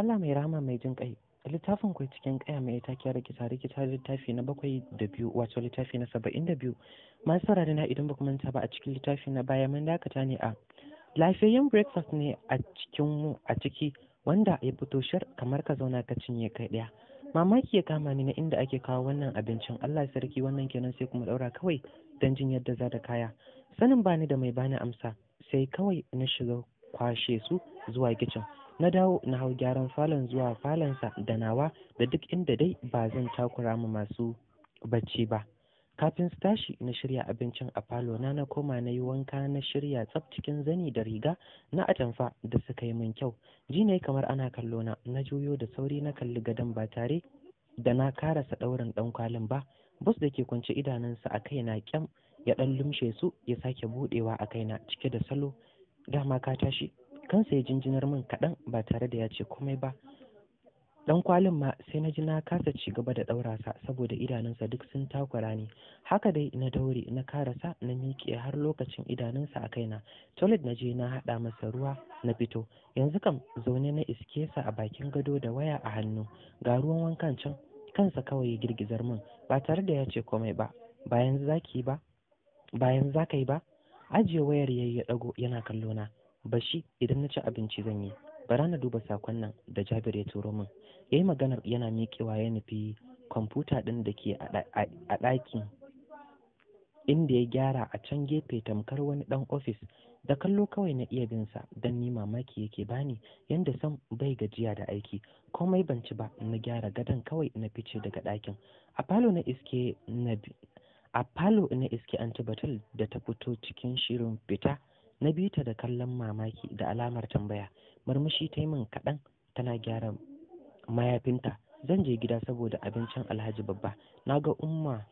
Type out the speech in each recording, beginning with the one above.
Allah mai rama mai jin kai littafin kwai cikin kaya mai ta kiyar rikita rikita littafi na bakwai da biyu wato littafi na saba'in da biyu masu saurari na idan bakwai manta ba a cikin littafi na baya mun dakata ne a lafiyayyen breakfast ne a cikin a ciki wanda ya fito shar kamar ka zauna ka cinye kai ɗaya mamaki ya kama ni na inda ake kawo wannan abincin Allah sarki wannan kenan sai kuma ɗaura kawai don jin yadda za da kaya sanin bani da mai bani amsa sai kawai na shiga kwashe su zuwa kicin na dawo na hau gyaran falon zuwa falonsa da nawa da duk inda dai ba zan takura mu masu bacci ba kafin su tashi na shirya abincin a falo na na koma na yi wanka na shirya tsaf cikin zani da riga na atamfa da suka yi min kyau ji ne kamar ana kallo na na juyo da sauri na kalli gadon ba tare da na karasa ɗaurin ɗan kwalin ba bus da ke kwance idanunsa a kaina kyam ya ɗan lumshe su ya sake buɗewa a kaina cike da salo dama ka tashi kansa ya jinjinar min kaɗan ba tare da ya ce komai ba Ɗan kwalin ma sai na ji na kasa ci gaba da ɗaurasa saboda idanunsa duk sun takura ne. haka dai na daure na karasa na miƙe har lokacin idanunsa a kaina toilet na je na haɗa masa ruwa na fito yanzu kam zaune na iske sa a bakin gado da waya a hannu ga ruwan wankan can kansa kawai ya girgizar min ba tare da ya ce komai ba bayan zaki ba bayan za ka yi ba ajiye wayar yayi ya ɗago yana kallona bashi idan na ci abinci zan yi bara na duba sakon nan da jabir ya turo min ya yi maganar yana miƙewa ya nufi kwamfuta ɗin da ke a ɗakin inda ya gyara a can gefe tamkar wani ɗan ofis da kallo kawai na iya bin sa don ni mamaki yake bani yanda sam bai gajiya da aiki komai ban ci ba na gyara gadon kawai na fice daga ɗakin a falo na iske na a falo da ta fito cikin shirin fita na biyu ta da kallon mamaki da alamar tambaya murmushi ta yi min kaɗan tana gyara mayafinta zan je gida saboda abincin alhaji babba na ga umma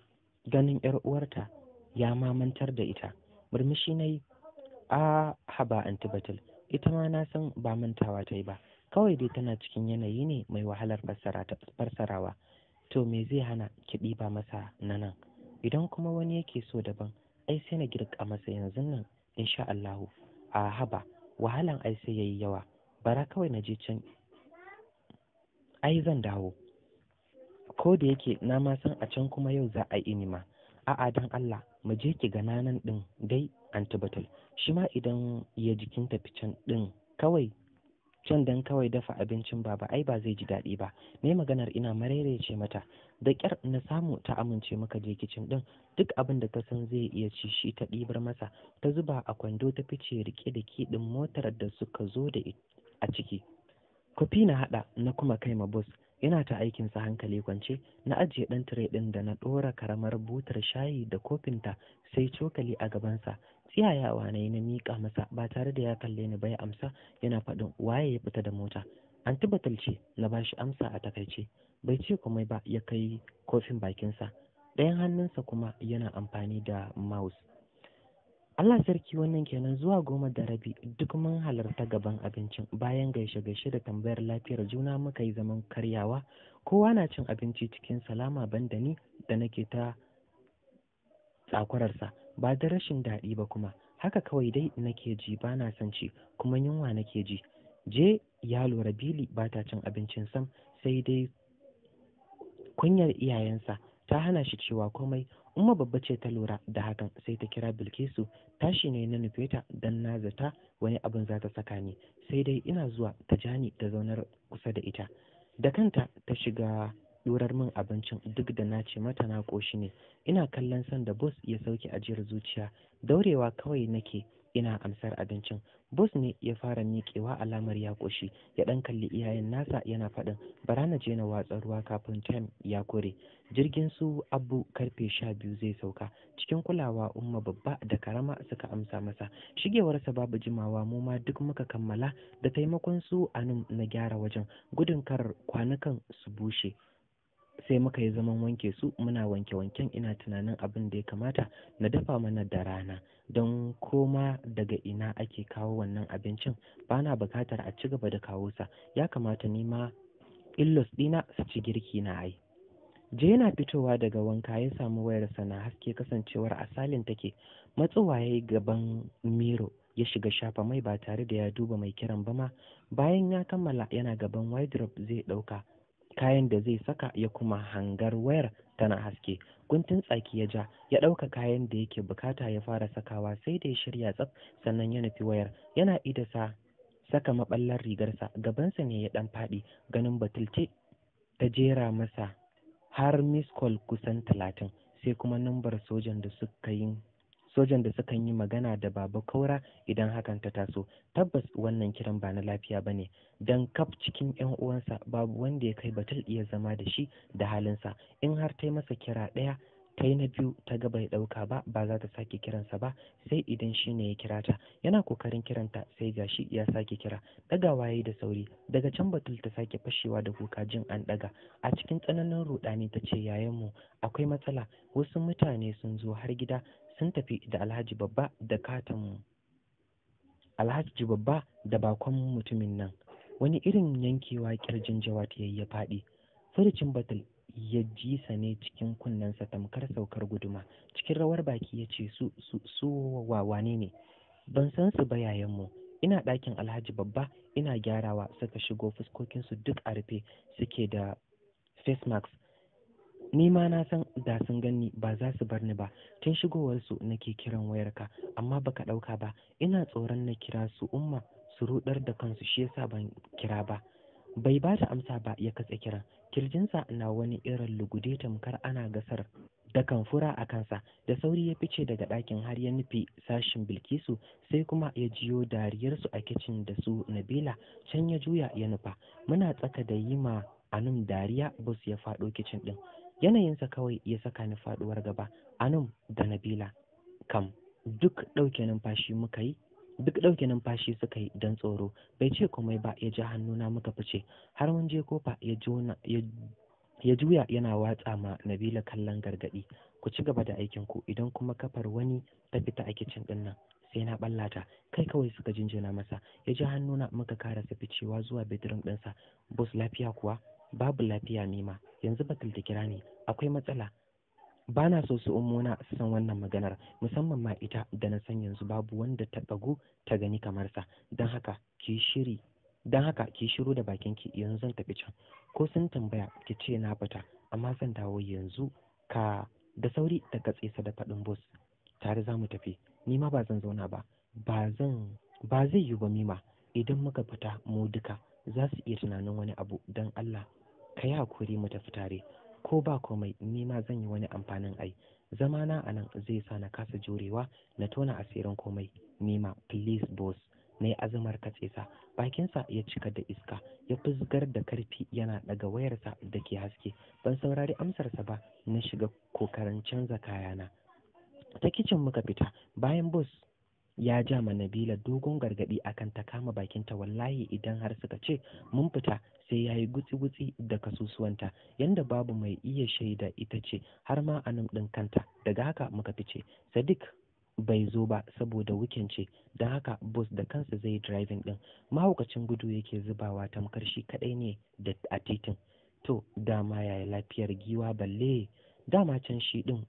ganin yar uwarta ya mamantar da ita murmushi na yi a haba antibatil ita ma na san ba mantawa ta yi ba kawai dai tana cikin yanayi ne mai wahalar fassarawa to me zai hana ki ba masa na nan idan kuma wani yake so daban ai sai na girka masa yanzu nan insha Allahu a haba wahalan ai sai yayi yawa bara kawai na je can ai zan dawo ko da yake na ma san a can kuma yau za a yi inima a'a dan Allah mu je ki ga nanan din dai antibatul shi ma idan ya jikin tafi can din kawai can dan kawai dafa abincin baba ai ba zai ji daɗi ba mai maganar ina marerece mata da ƙyar na samu ta amince maka je kicin ɗin duk abin da ta san zai iya ci shi ta ɗibar masa ta zuba a kwando ta fice rike da ɗin motar da suka zo da a ciki kwafi na haɗa na kuma kai ma bus yana ta aikin sa hankali kwance na ajiye ɗan tire ɗin da na ɗora karamar butar shayi da kofinta sai cokali a gabansa Iyayawa na yi na miƙa masa ba tare da ya kalle ni ba ya amsa yana faɗin waye ya fita da mota an tabbatar ce na ba shi amsa a takaice bai ce komai ba ya kai kofin bakinsa ɗayan hannunsa kuma yana amfani da mouse Allah sarki wannan kenan zuwa goma da rabi duk mun halarta gaban abincin bayan gaishe-gaishe da tambayar lafiyar juna muka yi zaman karyawa kowa na cin abinci cikin salama banda ni da nake ta tsakwararsa ba da rashin daɗi ba kuma haka kawai dai nake ji ba na son ci kuma yunwa nake ji je ya lura bili ba ta cin abincin sam sai dai kunyar iyayensa ta hana shi cewa komai umma babba ce ta lura da hakan sai ta kira bilkisu tashi ne na nufe ta don na zata wani abin za ta saka ni sai dai ina zuwa ta ja ni ta zaunar kusa da ita da kanta ta shiga ɗorar min abincin duk da na ce mata na ƙoshi ne ina kallon son da bos ya sauke ajiyar zuciya daurewa kawai nake ina amsar abincin bos ne ya fara miƙewa alamar ya ƙoshi ya ɗan kalli iyayen nasa yana faɗin bara na je na watsa ruwa kafin tem ya kore jirgin su abu karfe sha biyu zai sauka cikin kulawa umma babba da karama suka amsa masa shigewarsa babu jimawa mu ma duk muka kammala da taimakon su anum na gyara wajen gudun kar kwanukan su bushe sai muka yi zaman wanke su muna wanke wanken ina tunanin abin da ya kamata na dafa mana da rana don koma daga ina ake kawo wannan abincin ba na bukatar a ci gaba da kawo sa ya kamata ni ma illos ɗina su ci girki na ai je yana fitowa daga wanka ya samu wayarsa na haske kasancewar asalin take matsuwa ya gaban miro ya shiga shafa mai ba tare da ya duba mai kiran ba ma bayan ya kammala yana gaban wide zai ɗauka kayan da zai saka ya kuma hangar wayar tana haske guntun tsaki ya ja ya ɗauka kayan da yake bukata ya fara sakawa sai da ya shirya tsaf sannan ya nufi wayar yana ida sa saka maballar rigarsa gabansa ne ya ɗan faɗi ganin batulce ta jera masa har miss kusan talatin sai kuma nambar sojan da suka yi sojan da sukan yi magana da baba kaura idan hakan ta taso tabbas wannan kiran ba na lafiya ba ne dan kaf cikin yan uwansa babu wanda ya kai batul iya zama da shi da halinsa in har ta yi masa kira ɗaya Kai na biyu ta ga bai ɗauka ba ba za ta sake kiransa ba sai idan shi ne ya kira ta yana kokarin kiranta sai gashi ya sake kira ɗagawa waye da sauri daga can batul ta sake fashewa da kuka jin an ɗaga a cikin tsananin rudani ta ce yayan mu akwai matsala wasu mutane sun zo har gida sun tafi da alhaji babba da katon alhaji babba da bakon mutumin nan wani irin yankewa kirjin jawat ta yi ya faɗi furucin batul ya ji ne cikin kunnensa tamkar saukar guduma cikin rawar baki ya ce su su su wawane ne ban san su ba yayanmu ina ɗakin alhaji babba ina gyarawa suka shigo fuskokinsu duk a rufe suke da face mask ni ma na san da sun gani ba za su bar ni ba tun shigowarsu nake kiran wayarka amma baka ɗauka ba ina tsoron na kira su umma su rudar da kansu shi yasa ban kira ba bai ba da amsa ba ya katse kiran kirjinsa na wani irin lugude tamkar ana gasar da kamfura a kansa da sauri ya fice daga ɗakin har ya nufi sashin bilkisu sai kuma ya jiyo dariyarsu a kicin da su nabila can ya juya ya nufa muna tsaka da yi ma anum dariya bus ya faɗo kicin ɗin yanayinsa kawai ya saka ni faɗuwar gaba anum da nabila kam duk ɗauke numfashi muka yi duk ɗauke numfashi suka yi don tsoro bai ce komai ba ya ji hannuna muka fice har mun je kofa ya juya yana watsa ma nabila kallon gargaɗi ku ci gaba da aikin ku idan kuma kafar wani ta fita a kicin ɗin nan sai na ɓallata kai kawai suka jinjina masa ya ji hannuna muka karasa ficewa zuwa bedroom ɗinsa bus lafiya kuwa babu lafiya nima yanzu batul da kira ne akwai matsala ba na so su ummuna san wannan maganar musamman ma ita da na san yanzu babu wanda ta ɗago ta gani kamar sa don haka ki shiri don haka ki shiru da bakin ki yanzu zan tafi can ko sun tambaya ki ce na fita amma zan dawo yanzu ka da sauri ta katse sa da faɗin bus tare za mu tafi ni ma ba zan zauna ba ba zan ba zai yi ba mima idan muka fita mu duka za su iya tunanin wani abu don Allah ka yi hakuri mu tafi tare ko ba komai ni ma zan yi wani amfanin ai zamana a nan zai sa na kasa jurewa na tona asirin komai ni ma please boss na yi azumar katsesa bakinsa ya cika da iska ya fusgar da karfi yana daga wayarsa da ke haske ban saurari amsarsa ba na shiga kokarin canza kayana ta kicin muka fita bayan boss ya ja ma Nabila dogon gargaɗi akan ta kama bakinta wallahi idan har suka ce mun fita sai ya yi gutsi-gutsi da kasusuwanta yadda babu mai iya shaida ita ce har ma a ɗin kanta daga haka muka fice sadiq bai zo ba saboda wukin ce don haka bus da kansa zai driving ɗin mahaukacin gudu yake zubawa tamkar shi kaɗai ne da a titin to dama yaya lafiyar giwa balle dama can shi ɗin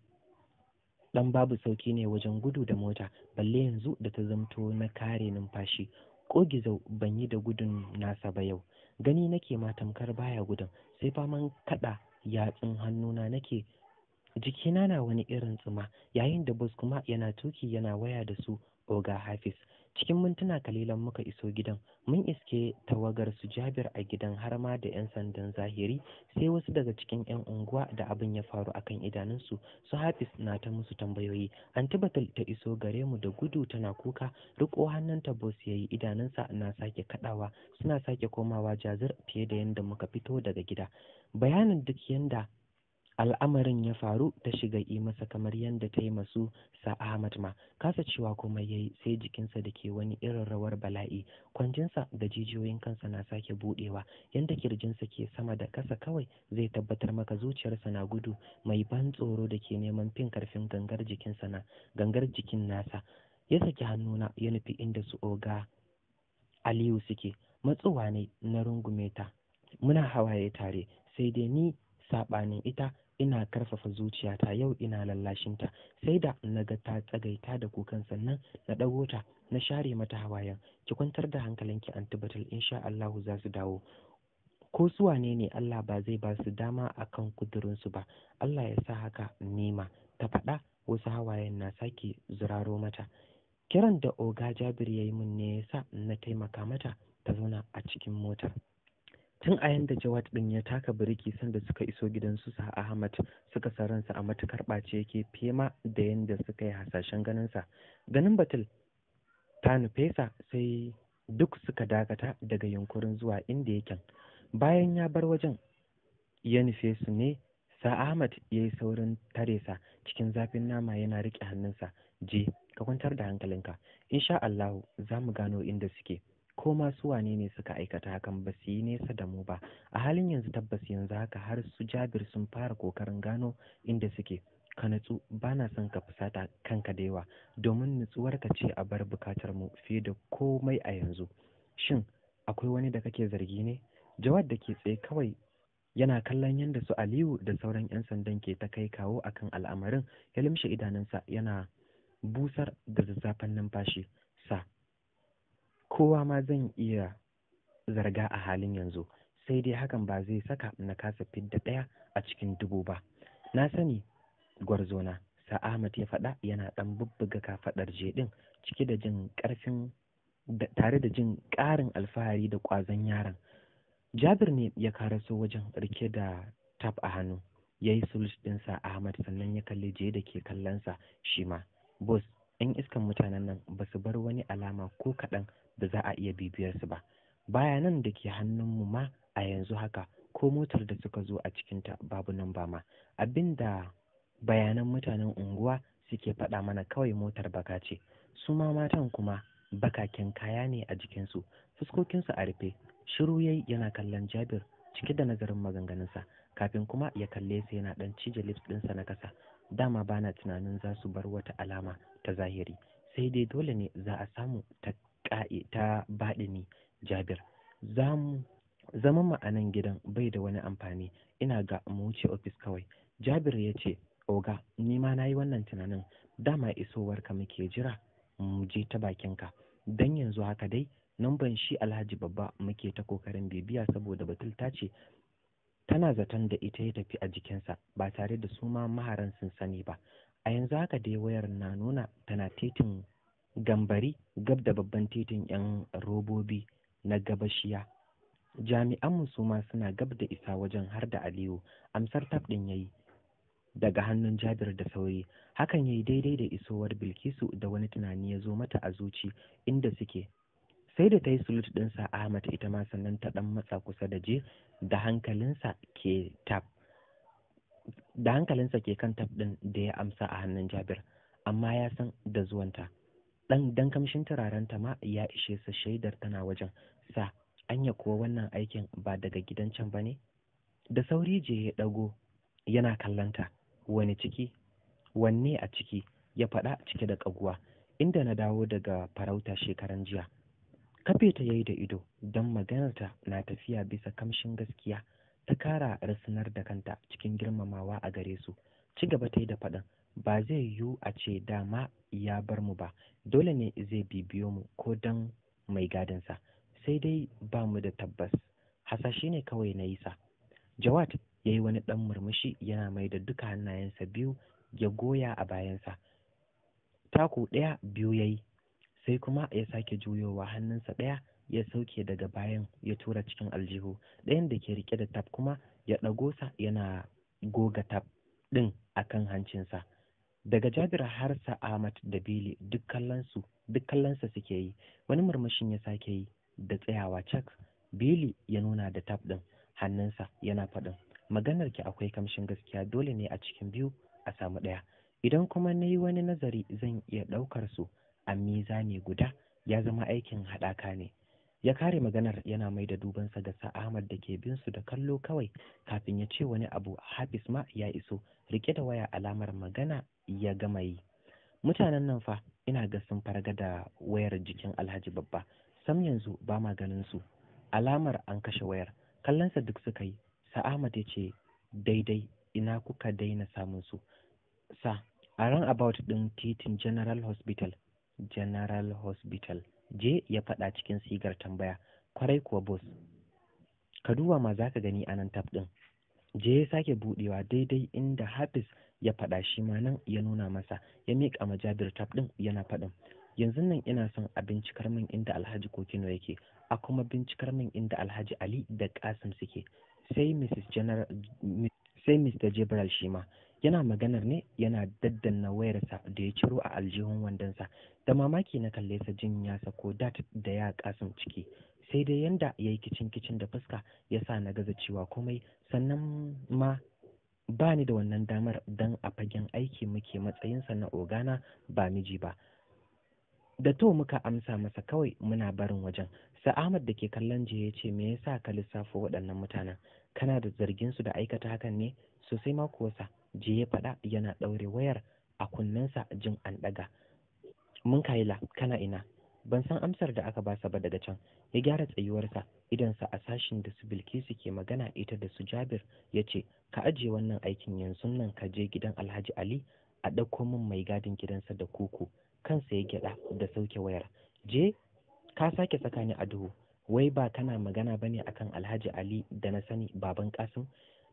dan babu sauki ne wajen gudu da mota balle yanzu da ta zamto na kare numfashi Ko gizo ban yi da gudun nasa ba yau gani nake ma tamkar baya gudun sai faman kaɗa yatsun hannuna nake jikina na wani irin tsuma yayin da bus kuma yana tuki yana waya da su oga Hafis. cikin mintuna kalilan muka iso gidan mun iske tawagar su jabir a gidan har ma da 'yan sandan zahiri sai wasu daga cikin 'yan unguwa da abin ya faru akan idanunsu su hafiz na ta musu tambayoyi antibatal ta iso gare mu da gudu tana kuka riko hannun ta bos yayi idanunsa na sake kadawa suna sake komawa jazir fiye da yadda muka fito daga gida bayanin duk yanda al'amarin ya faru ta shiga yi masa kamar yadda ta yi masu sa Ahmad ma kasa cewa kuma ya yi sai jikinsa da ke wani irin rawar bala'i kwanjinsa da jijiyoyin kansa na sake budewa yadda kirjinsa ke sama da kasa kawai zai tabbatar maka zuciyarsa na gudu mai ban tsoro da ke neman fin karfin gangar jikinsa na gangar jikin nasa ya saki hannuna ya nufi inda su oga Aliyu suke matsuwa ne na rungume ta muna hawaye tare sai dai ni saɓanin ita ina karfafa zuciyata yau ina lallashinta sai da na ga ta tsagaita da kukan sannan na ɗago ta na share mata hawayen ki kwantar da hankalinki anti in insha Allah za su dawo ko su wane ne Allah ba zai ba su dama akan kudurinsu ba Allah ya sa haka nema ta faɗa wasu hawayen na sake zuraro mata kiran da oga Jabir ya yi min ne ya sa na taimaka mata ta zauna a cikin motar tun a yanda Jawad ɗin ya taka birki sanda suka iso gidansu sa Ahmad suka sa ransa a matukar ɓace yake fema da yanda suka yi hasashen ganinsa ganin batul ta nufesa sai duk suka dakata daga yunkurin zuwa inda yake bayan ya bar wajen ya nufe su ne sa Ahmad ya yi saurin tare sa cikin zafin nama yana riƙe hannunsa je ka kwantar da hankalinka insha Allahu za mu gano inda suke ko masu wane ne suka aikata hakan ba su yi nesa da mu ba a halin yanzu tabbas yanzu haka har su jabir sun fara kokarin gano inda suke ka natsu ba na son ka fusata kanka da yawa domin nutsuwar ka ce a bar bukatar mu fiye da komai a yanzu shin akwai wani da kake zargi ne jawad da ke tsaye kawai yana kallon yadda su aliyu da sauran 'yan sandan ke ta kai kawo akan al'amarin ya limshe idanunsa yana busar da zazzafan numfashi sa kowa ma zan iya zarga a halin yanzu sai dai hakan ba zai saka na kasa fidda ɗaya a cikin dubu ba na sani gwarzona sa'amat ya faɗa yana ɗan bubbuga kafaɗar ɗin cike da jin ƙarfin tare da jin ƙarin alfahari da ƙwazon yaron jabir ne ya karaso wajen rike da tap a hannu ya yi sulus ɗinsa ahmad sannan ya kalli je da ke kallonsa shi ma bos 'yan iskan mutanen nan ba su bar wani alama ko kaɗan da za a iya bibiyar su ba bayanan da ke hannunmu ma a yanzu haka ko motar da suka zo a cikinta babu nan ba ma abinda bayanan mutanen unguwa suke faɗa mana kawai motar baka ce su ma matan kuma bakaken kaya ne a jikinsu fuskokinsu a rufe shiru yayi yana kallon jabir cike da nazarin maganganunsa kafin kuma ya kalle su yana ɗan cije lips ɗinsa na kasa dama bana tunanin za su bar wata alama ta zahiri sai dai dole ne za a samu ta ta baɗini Jabir zama ma'anan mu gidan bai da wani amfani ina ga mu wuce ofis kawai Jabir ya ce oga ni ma na yi wannan tunanin dama isowar ka muke jira mu je ta bakin ka dan yanzu haka dai ban shi Alhaji babba muke ta kokarin bibiya saboda batul ta ce tana zaton da ita ya tafi a jikinsa ba tare da su ma maharan sun sani ba a yanzu haka dai wayar na nuna tana titin gambari gab da babban titin 'yan robobi na gabashiya jami'an su ma suna gab da isa wajen har da aliyu amsar tab ɗin yayi daga hannun jabir da sauri hakan yayi daidai da isowar bilkisu da wani tunani ya zo mata a zuci inda suke sai da ta yi sulut ɗinsa ahmad ita ma sannan ta ɗan matsa kusa da je da hankalinsa ke tab da hankalinsa ke kan tab ɗin da ya amsa a hannun jabir amma ya san da zuwanta dan dan kamshin turarenta ma ya ishe sa shaidar tana wajen sa anya kuwa wannan aikin ba daga gidan can ba ne. da sauri je ya dago yana kallanta wani ciki wanne a ciki ya faɗa cike da ƙaguwa inda na dawo daga farauta shekaran jiya kafe ta yayi da ido don maganarta na tafiya bisa kamshin gaskiya ta kara rasunar da kanta cikin girmamawa a gare su ci gaba ta yi da faɗin ba zai yiwu a ce dama ya bar mu ba dole ne zai bibiyo mu ko don mai gadinsa sai dai ba mu da tabbas Hasashi ne kawai na yi sa jawad ya yi wani ɗan murmushi yana mai da duka hannayensa biyu ya goya a bayansa taku ɗaya biyu ya yi sai kuma ya sake juyowa hannunsa ɗaya ya sauke daga bayan ya tura cikin aljihu ɗayan da ke rike da tab kuma ya ɗago sa yana goga tab ɗin akan hancinsa daga jabir har Ahmad da bili duk kallonsa suke yi wani murmushin ya sake yi da tsayawa cak bili ya nuna da tab ɗin hannunsa yana faɗin maganar ki akwai kamshin gaskiya dole ne a cikin biyu a samu ɗaya idan kuma na yi wani nazari zan iya ɗaukar su a ne guda ya zama aikin haɗaka ne ya kare maganar yana mai da dubansa ga sa'amar da ke bin su da kallo kawai kafin ya ce wani abu hafiz ma ya iso rike da waya alamar magana ya gama yi mutanen nan fa ina ga sun farga da wayar jikin alhaji babba sam yanzu ba ma ganin su alamar an kashe wayar kallonsa duk suka yi sa'amat ya ce daidai ina kuka daina samun su sa a ran about din titin general hospital general hospital je ya faɗa cikin sigar tambaya kwarai kuwa bos ka duba ma za ka gani a nan tab ɗin je ya sake buɗewa daidai inda hafiz ya faɗa shi ma nan ya nuna masa ya miƙa ma jabir tab ɗin yana faɗin yanzu nan ina son a bincikar min inda alhaji kokino yake a kuma bincikar min inda alhaji ali da kasim suke sai mrs general sai mr jibral shi yana maganar ne yana daddanna wayarsa da ya ciro a aljihun wandonsa da mamaki na kalle sa jin ya sako dat da ya kasan ciki sai dai yanda ya yi kicin kicin da fuska ya sa na gaza cewa komai sannan ma ba ni da wannan damar don a fagen aiki muke matsayinsa na ogana ba miji ba da to muka amsa masa kawai muna barin wajen sa Ahmad da ke kallon je ya ce me yasa ka lissafo waɗannan mutanen kana da zargin su da aikata hakan ne sosai ma kuwa sa je ya faɗa yana ɗaure wayar a kunnensa jin an ɗaga mun kaila kana ina ban san amsar da aka basa ba daga can ya gyara tsayuwarsa idansa a sashin da su bilkisu ke magana ita da su jabir ya ce ka ajiye wannan aikin yanzu nan ka je gidan alhaji ali a ɗauko min mai gadin gidansa da koko kansa ya gyaɗa da sauke wayar je ka sake ni a duhu wai ba kana magana ba ne akan alhaji ali da na sani baban kasim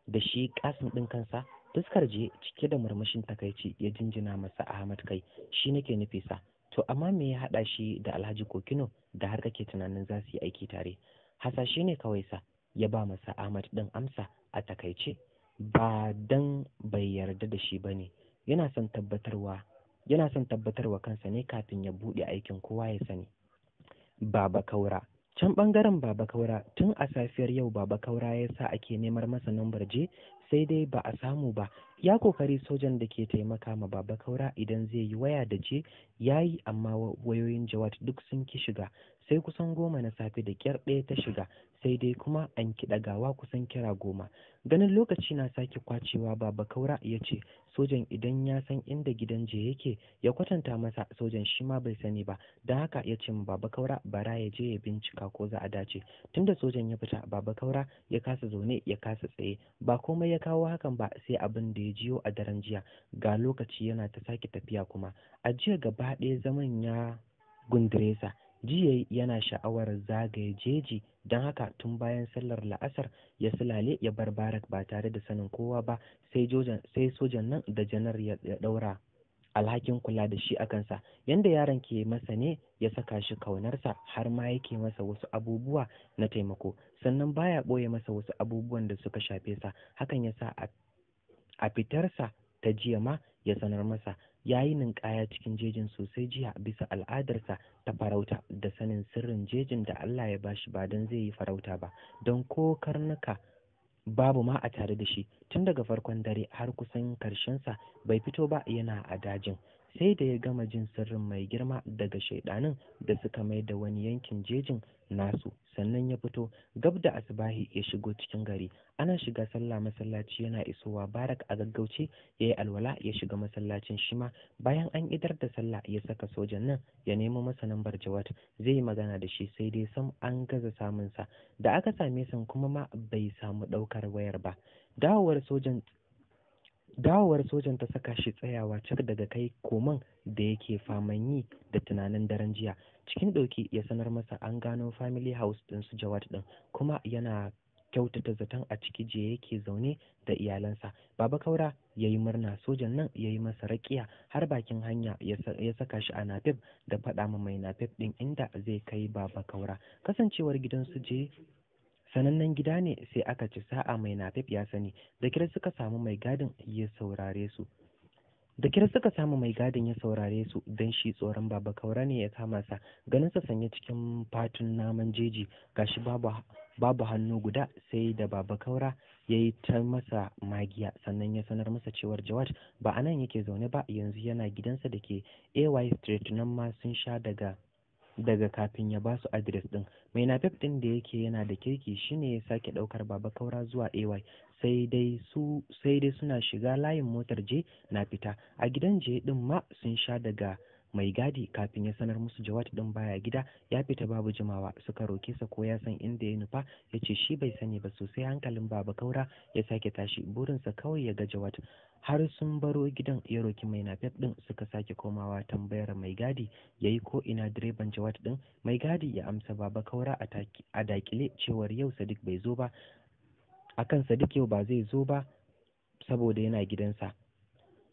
da shi kasim ɗin kansa fuskar je cike da murmushin takaici ya jinjina masa Ahmad kai shi nake nufi sa to amma me ya haɗa shi da Alhaji Kokino da har kake tunanin za su yi aiki tare hasashe ne kawai sa ya ba masa Ahmad ɗin amsa a takaice ba dan bai yarda da shi bane yana son tabbatarwa yana son tabbatarwa kansa ne kafin ya bude aikin kowa ya sani Baba Kaura can bangaren Baba Kaura tun a safiyar yau Baba Kaura ya sa ake nemar masa nambar je sai dai ba a samu ba ya kokari sojan da ke taimaka ma baba kaura idan zai yi waya da je ya yi amma wayoyin jawad duk sun ki shiga sai kusan goma na safe da kyar ɗaya ta shiga sai dai kuma an kiɗa gawa kusan kira goma ganin lokaci na sake kwacewa baba kaura ya ce sojan idan ya san inda gidan je yake ya kwatanta masa sojan shi ma bai sani ba don haka ya ce baba kaura bara ya je ya bincika ko za a dace tunda sojan ya fita baba kaura ya kasa zaune ya kasa tsaye ba komai ya ya kawo hakan ba sai abin da ya jiyo a daren jiya ga lokaci yana ta sake tafiya kuma a jiya gaba ɗaya zaman ya gunduresa jiya yana sha'awar zagaye jeji don haka tun bayan sallar la'asar ya sulale ya bar barak ba tare da sanin kowa ba sai sojan nan da janar ya ɗaura alhakin kula da shi a kansa yadda yaron ke masa ne ya saka shi kaunarsa har ma yake masa wasu abubuwa na taimako sannan baya ɓoye masa wasu abubuwan da suka shafe sa hakan ya sa a fitarsa ta jiya ma ya sanar masa ya yi ninkaya cikin jejin sosai jiya bisa al'adarsa ta farauta da sanin sirrin jejin da Allah ya bashi ba don zai yi farauta ba don ko karnuka babu ma a tare da shi tun daga farkon dare har kusan karshensa bai fito ba yana a dajin sai da ya gama jin sirrin mai girma daga shaidanin da suka mai da wani yankin jejin nasu sannan ya fito gab da asbahi ya shigo cikin gari ana shiga sallah masallaci yana isowa barak a gaggauce ya yi alwala ya shiga masallacin shima bayan an idar da sallah ya saka sojan nan ya nemo masa lambar jawad zai yi magana da shi sai dai sam an gaza samunsa da aka same san kuma ma bai samu ɗaukar wayar ba dawowar sojan dawowar sojan ta saka shi tsayawa cak daga kai koman da yake faman yi da tunanin daren jiya cikin ɗauki ya sanar masa an gano family house ɗin su jawad ɗin kuma yana kyautata zaton a ciki je yake zaune da iyalansa baba kaura ya yi murna sojan nan ya yi masa rakiya har bakin hanya ya saka shi a Napep da faɗa ma mai Napep ɗin inda zai kai baba kaura kasancewar gidan su je sanannen gida ne sai aka ci sa'a mai nafif ya sani da kira suka samu mai gadin ya saurare su da kira suka samu mai gadin ya saurare su don shi tsoron baba kaura ne ya kama sa ganin sa sanye cikin fatun naman jeji gashi babu babu hannu guda sai da baba kaura ya yi ta masa magiya sannan ya sanar masa cewar jawad ba a nan yake zaune ba yanzu yana gidansa da ke ay street nan ma sun sha daga daga kafin ya ba su adres din mai nafef din da yake yana da kirki shine ya sake daukar baba kaura zuwa ay sai dai su sai dai suna shiga layin motar je na fita a gidan je din ma sun sha daga mai gadi kafin ya sanar musu jawat din baya gida ya fita babu jimawa suka roke sa ko ya san inda ya nufa ya ce shi bai sani ba sosai hankalin baba kaura ya sake tashi burinsa kawai ya ga jawat har sun baro gidan ya roki mai nafef din suka sake komawa tambayar mai gadi ya yi ko ina direban jawat din mai gadi ya amsa baba kaura a dakile cewar yau sadik bai zo ba akan sadiq yau ba zai zo ba saboda yana gidansa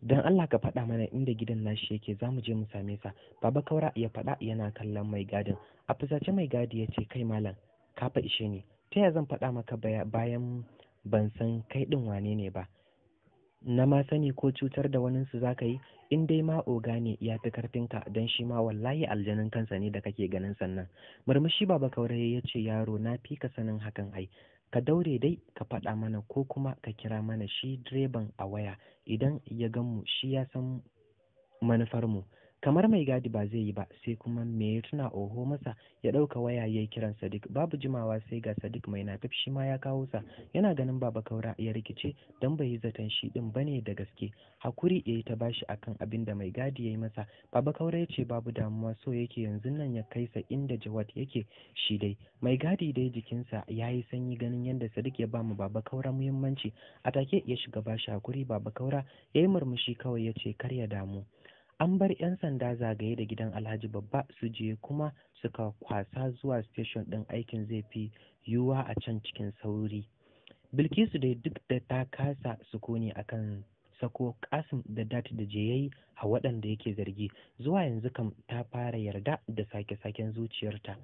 don Allah ka faɗa mana inda gidan nashi yake za mu je mu same sa baba kaura ya faɗa yana kallon mai gadin a fusace mai gadi ya ce kai malam ka fa ishe ni ta ya zan faɗa maka bayan ban san kai ɗin wane ne ba na ma sani ko cutar da wani su zaka yi in dai ma oga ne ya fi karfinka don shi ma wallahi aljanin kansa ne da kake ganin sannan murmushi baba kaura ya ce yaro na fi ka sanin hakan ai ka daure dai ka faɗa mana ko kuma ka kira mana shi direban a waya idan ya gan mu shi ya san manufarmu kamar mai gadi ba zai yi ba sai kuma me ya tuna oho masa ya ɗauka waya ya yi kiran sadiq babu jimawa sai ga sadiq mai nafif shi ma ya kawo sa yana ganin baba kaura ya rikice don bai yi zaton shi din ba ne da gaske hakuri ya yi ta bashi akan abin da mai gadi ya yi masa baba kaura ya ce babu damuwa so yake yanzu nan ya kai sa inda jawad yake shi dai mai gadi dai jikinsa ya yi sanyi ganin yadda sadiq ya ba mu baba kaura muhimmanci a take ya shiga bashi hakuri baba kaura ya yi murmushi kawai ya ce kar ya damu an bar 'yan sanda zagaye da gidan alhaji babba su je kuma suka kwasa zuwa station ɗin aikin zai fi yiwuwa a can cikin sauri bilkisu dai duk da ta kasa sukuni akan sako kasim da dati da jeyayi a waɗanda yake zargi zuwa yanzu kam ta fara yarda da sake-saken zuciyarta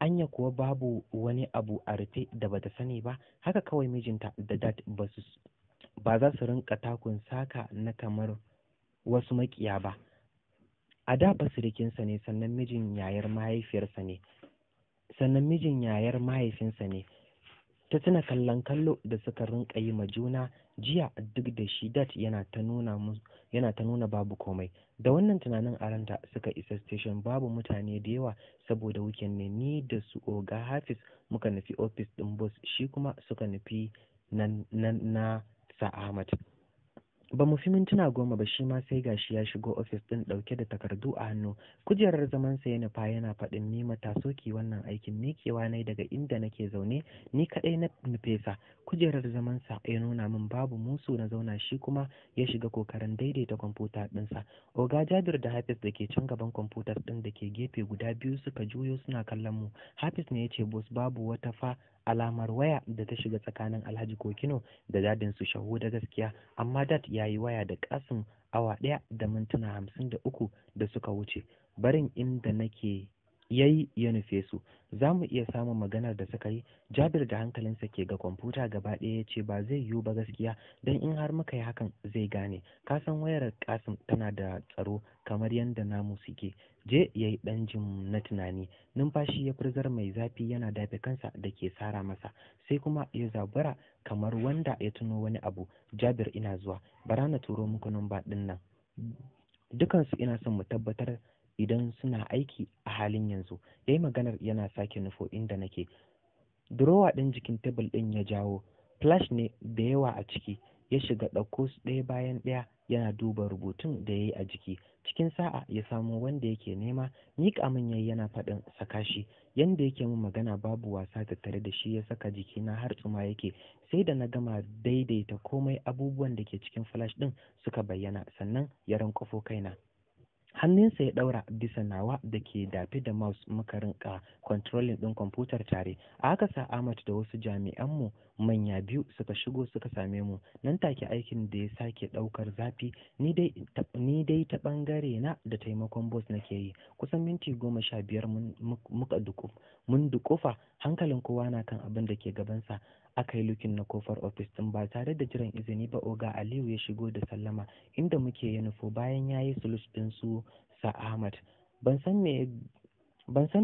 anya kuwa babu wani abu a rufe da bata sani ba haka kawai mijinta da dat ba za su rinka takun saka na kamar wasu makiya ba a da basirikinsa sirikinsa ne sannan mijin yayar mahaifiyarsa ne sannan mijin yayar mahaifinsa ne ta tuna kallon kallo da suka rinka yi ma juna jiya duk da shi dat yana ta nuna babu komai da wannan tunanin a ranta suka isa station babu mutane da yawa saboda wuken ne ni da su oga hafiz muka nufi ofis din Bus, shi kuma suka nufi na sa'amata Ahmad. ba mu fi mintuna goma ba shi ma sai gashi ya shigo ofis din dauke da takardu a hannu kujerar zaman sa ya nufa yana faɗin ni matasoki soki wannan aikin mikewa ne daga inda nake zaune ni kaɗai na nufesa kujerar zaman sa ya nuna min babu musu na zauna shi kuma ya shiga kokarin daidaita kwamfuta ɗinsa oga jabir da hafiz da ke can gaban kwamfutar ɗin da ke gefe guda biyu suka juyo suna kallon mu hafiz ne ya ce bos babu wata fa alamar waya da ta shiga tsakanin alhaji kokino da dadin su shahu da gaskiya amma dat ya yi waya da kasin awa ɗaya da mintuna hamsin da uku da suka wuce barin inda nake ya yi ya nufe su za mu iya samun maganar da suka yi jabir da hankalinsa ke ga kwamfuta gaba ɗaya ya ce ba zai yiwu ba gaskiya don in har muka yi hakan zai gane ka san wayar kasim tana da tsaro kamar yadda namu suke je ya yi ɗan jin na tunani numfashi ya furzar mai zafi yana dafe kansa da ke sara masa sai kuma ya zabara kamar wanda ya tuno wani abu jabir ina zuwa bara na turo muku numba ɗin nan dukansu ina son mu tabbatar idan suna aiki a halin yanzu ya yi maganar yana sake nufo inda nake durowa ɗin jikin tebul ɗin ya jawo flash ne da yawa a ciki ya shiga ɗauko su ɗaya bayan ɗaya yana duba rubutun da ya yi a jiki cikin sa'a ya samo wanda yake nema miƙa min yayi yana faɗin saka shi yanda yake min magana babu wasa tare da shi ya saka jikina har tsuma yake sai da na gama daidaita komai abubuwan da ke cikin flash ɗin suka bayyana sannan ya rankofo kaina hannunsa ya ɗaura bisa nawa da ke dafe da mouse muka rinka controlling din kwamfutar tare a haka sa Ahmad da wasu jami'an mu manya biyu suka shigo suka same mu nan take aikin da ya sake ɗaukar zafi ni dai ta ɓangare na da taimakon boss nake yi kusan minti goma sha biyar mun muka dukufa hankalin kowa na kan abin da ke gabansa aka yi lukin na kofar ofis din ba tare da jiran izini ba oga aliyu ya shigo da sallama inda muke ya nufo bayan ya yi sulus din su sa ahmad ban san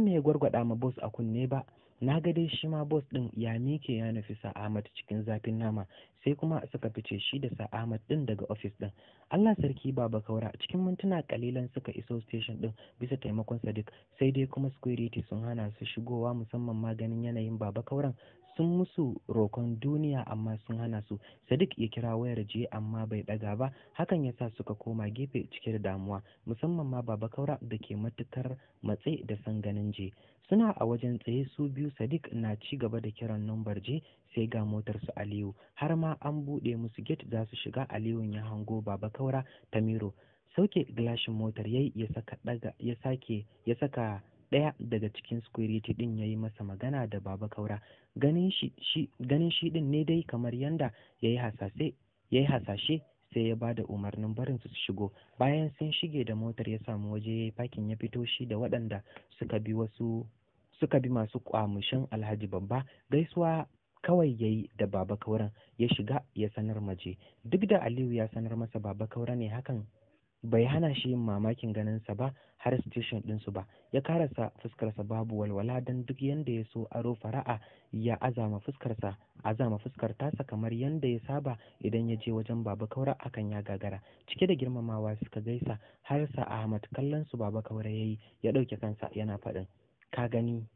me ya gwargwada ma bos a kunne ba na ga dai shi ma bos din ya mike ya nufi sa ahmad cikin zafin nama sai kuma suka fice shi da sa ahmad din daga ofis din allah sarki baba kaura cikin mintuna kalilan suka iso station din bisa taimakon sadiq sai dai kuma security sun hana su shigowa musamman maganin yanayin baba kauran sun musu rokon duniya amma sun hana su sadiq ya kira wayar je amma bai daga ba hakan ya sa suka koma gefe cike da damuwa musamman ma baba kaura da ke matukar matse da san ganin je suna a wajen tsaye su biyu sadiq na ci gaba da kiran nambar je sai ga motar su aliyu har ma an buɗe musu gate za su shiga aliyun ya hango baba kaura tamiro sauke gilashin motar yayi ya saka daga ya sake ya saka ɗaya daga cikin security ɗin ya yi masa magana da baba kaura ganin shi ɗin ne dai kamar yanda ya yi hasashe sai ya bada umarnin barin su shigo bayan sun shige da motar ya samu waje ya yi fakin ya fito shi da waɗanda suka bi masu kwamushin alhaji babba gaisuwa kawai yayi da baba kauran ya shiga ya sanar maje duk da aliyu ya sanar masa baba kaura ne hakan bai hana shi yin mamakin ganinsa ba har station su ba ya karasa fuskarsa babu walwala don duk yanda ya so aro fara'a ya azama fuskarsa azama fuskar tasa kamar yanda ya saba idan ya je wajen baba kaura akan ya gagara cike da girmamawa suka gaisa har sa ahmad kallon su baba kaura yayi ya ɗauke kansa yana faɗin ka gani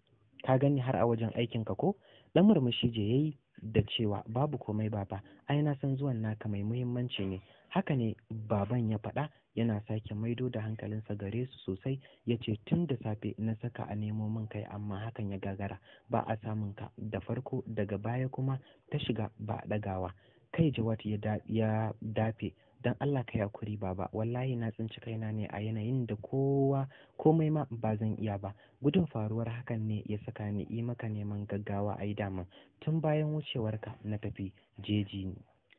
ka gani har a wajen aikin ka ko dan murmushi je yayi da cewa babu komai baba ai na san zuwan naka mai muhimmanci ne haka ne baban ya faɗa yana sake maido da hankalinsa gare su sosai ya ce tun da safe na saka a nemo min kai amma hakan ya gagara ba a samun ka da farko daga baya kuma ta shiga ba a ɗagawa kai jawat ya dafe don Allah ka yakuri baba wallahi na tsinci kaina ne a yanayin da kowa komai ma ba zan iya ba gudun faruwar hakan ne ya saka ni yi maka neman gaggawa a yi dama tun bayan wucewarka na tafi jeji ne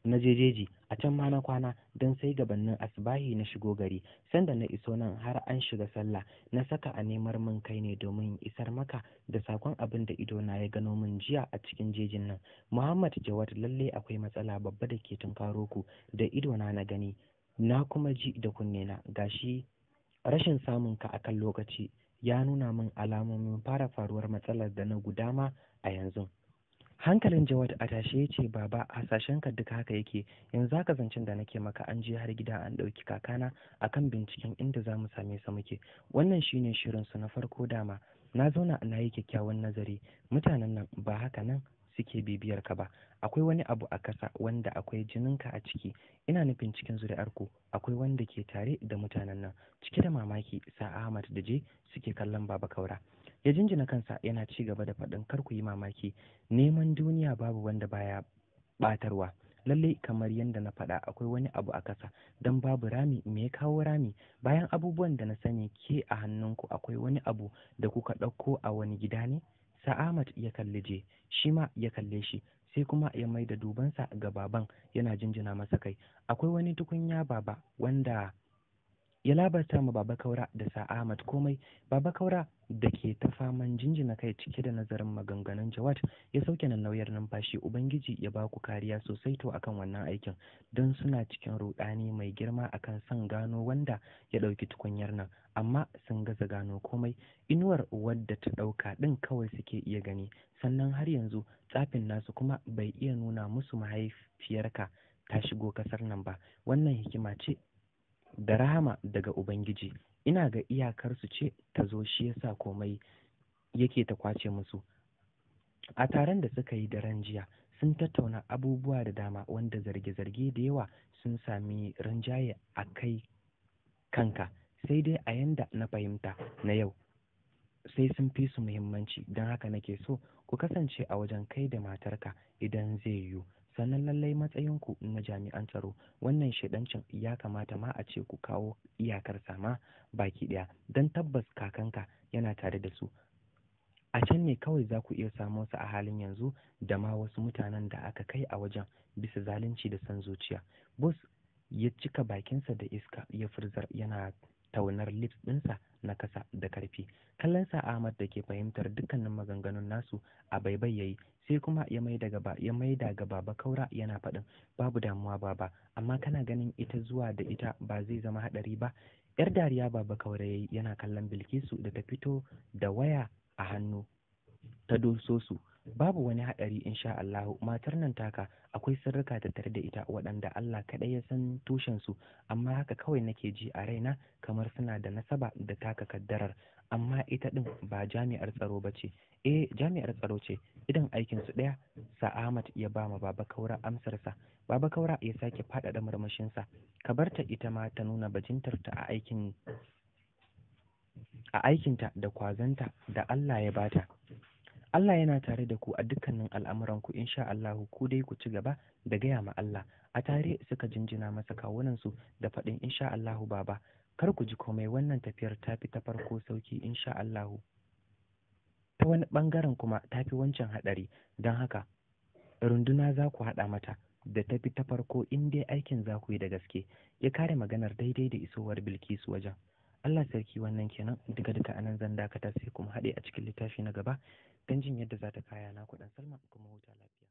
na je jeji a can ma na kwana don sai gabanin asbahi na shigo gari sanda na iso nan har an shiga sallah na saka a nemar min kai ne domin isar maka da sakon abin da ido na ya gano min jiya a cikin jejin nan muhammad jawad lalle akwai matsala babba da ke tunkaro ku da ido na na gani na kuma ji da kunne na gashi rashin samun ka akan lokaci ya nuna min alamomin fara faruwar matsalar da na gudama a yanzu hankalin jawad a tashe ya ce baba hasashen ka duka haka yake yanzu zaka zancen da nake maka an je har gida an ɗauki kakana a kan binciken inda za mu same sa muke wannan shine shirin su na farko dama na zauna na yi kyakkyawan nazari mutanen nan ba haka nan suke bibiyar ka ba akwai wani abu a kasa wanda akwai jininka a ciki ina nufin cikin zuri'arku akwai wanda ke tare da mutanen nan cike da mamaki sa Ahmad da je suke kallon baba Kaura ya jinjina kansa yana ci gaba da faɗin kar ku yi mamaki neman duniya babu wanda baya ɓatarwa lallai kamar yadda na faɗa akwai wani abu a ƙasa don babu rami me ya kawo rami bayan abubuwan da na sani ke a hannunku akwai wani abu da kuka ɗauko a wani gida ne sa'amat ya kalli je shi ma ya kalle shi sai kuma ya mai da dubansa ga baban yana jinjina masa kai akwai wani tukunya baba wanda ya labarta ma baba kaura da sa Ahmad komai baba kaura da ke ta faman jinjina kai cike da nazarin maganganun Jawad ya sauke nan nauyar numfashi ubangiji ya ba ku kariya sosai to akan wannan aikin don suna cikin rudani mai girma akan san gano wanda ya dauki tukunyar nan amma sun gaza gano komai inuwar wadda ta dauka din kawai suke iya gani sannan har yanzu tsafin nasu kuma bai iya nuna musu mahaifiyarka ta shigo kasar nan ba wannan hikima ce da rahama daga ubangiji ina ga iyakarsu ce ta zo shi yasa komai yake ta kwace musu a taron da suka yi daren jiya sun tattauna abubuwa da dama wanda zarge-zarge da yawa sun sami rinjaye a kai kanka sai dai a yanda na fahimta na yau sai sun fi su muhimmanci don haka nake so ku kasance a wajen kai da matarka idan zai yiwu sannan lallai matsayinku na jami'an tsaro wannan shaidancin ya kamata ma a ce ku kawo iyakar sama baki ɗaya don tabbas kakanka yana tare da su a can ne kawai za ku iya samo su a halin yanzu da ma wasu mutanen da aka kai a wajen bisa zalunci da san zuciya bus ya cika bakinsa da iska ya furzar yana taunar lips ɗinsa na kasa da karfi sa ahmad da ke fahimtar dukkanin maganganun nasu a baibai yayi sai kuma ya mai da gaba ya mai da gaba ba kaura yana faɗin babu damuwa baba amma kana ganin ita zuwa da ita ba zai zama haɗari ba yar dariya baba kaura yayi yana kallon bilkisu da ta fito da waya a hannu ta doso su babu wani haɗari insha Allah matar nan taka akwai sirrika ta tare da ita waɗanda Allah kaɗai ya san tushen su amma haka kawai nake ji a raina kamar suna da nasaba da taka kaddarar amma ita ɗin ba jami'ar tsaro ba ce eh jami'ar tsaro ce idan aikin su Sa Ahmad ya ba ma Baba Kaura amsarsa Baba Kaura ya sake faɗaɗa murmushinsa ka barta ita ma ta nuna ta a aikin a aikinta da kwazanta da Allah ya bata Allah yana tare da ku a dukkanin al'amuranku insha Allah, ku dai ku ci gaba da gaya ma Allah a tare suka jinjina masa kawunansu da faɗin insha Allahu baba kar ku ji komai wannan tafiyar ta fi ta farko sauki insha Allahu ta wani ɓangaren kuma ta fi wancan haɗari don haka runduna za ku haɗa mata da ta fi ta farko in dai aikin za ku yi da gaske ya kare maganar daidai da isowar Bilkisu wajen Allah sarki wannan kenan duka duka anan zan dakata sai kuma haɗe a cikin littafi na gaba don jin yadda za ta kaya na kuɗin Salma kuma huta lafiya